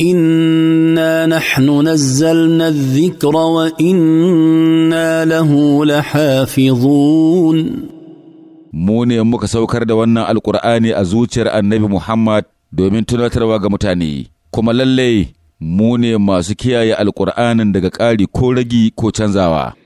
انا نحن نزلنا الذكر وانا له لحافظون mu ne muka saukar da wannan alkur'ani a zuciyar annabi muhammad domin tunatarwa ga mutane kuma lallai mu ne masu kiyaye alkur'anin daga ƙari ko ragi ko canzawa